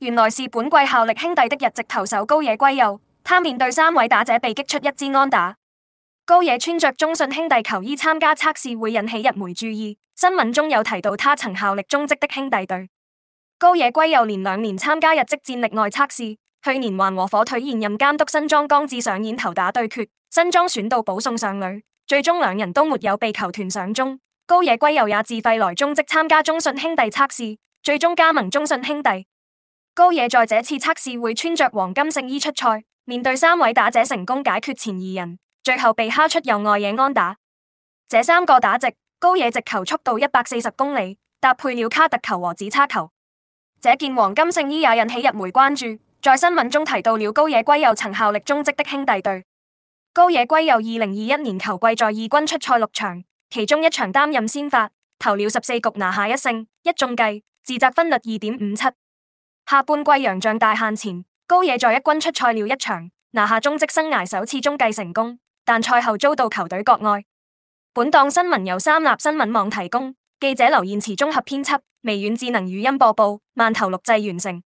原來是本季效力兄弟的日籍投手高野圭佑，他面對三位打者被擊出一支安打。高野穿着中信兄弟球衣參加測試會引起日媒注意，新聞中有提到他曾效力中職的兄弟隊。高野圭佑連兩年參加日職戰力外測試，去年還和火腿現任監督新莊剛志上演投打對決，新莊選到保送上壘。最終兩人都沒有被球團上中。高野圭佑也自費來中職參加中信兄弟測試，最終加盟中信兄弟。高野在這次測試會穿着黃金聖衣出賽，面對三位打者成功解決前二人，最後被敲出右外野安打。這三個打直，高野直球速度一百四十公里，搭配了卡特球和指叉球。這件黃金聖衣也引起日媒關注，在新聞中提到了高野圭佑曾效力中職的兄弟隊。高野圭佑二零二一年球季在二軍出賽六場，其中一場擔任先發，投了十四局拿下一勝，一中計，自責分率二點五七。下半季洋將大限前，高野在一軍出賽了一場，拿下中職生涯首次中繼成功，但賽後遭到球隊割愛。本檔新聞由三立新聞網提供，記者劉燕慈綜合編輯，微軟智能語音播報，曼頭錄製完成。